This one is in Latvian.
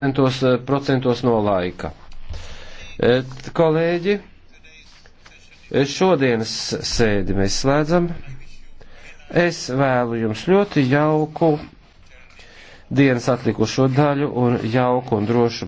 procentos, eh, procentos no laika. Et, eh, kolēģi, eh, šodienas sēdi mēs slēdzam. Es vēlu jums ļoti jauku dienas atlikušo daļu un jauku un drošu.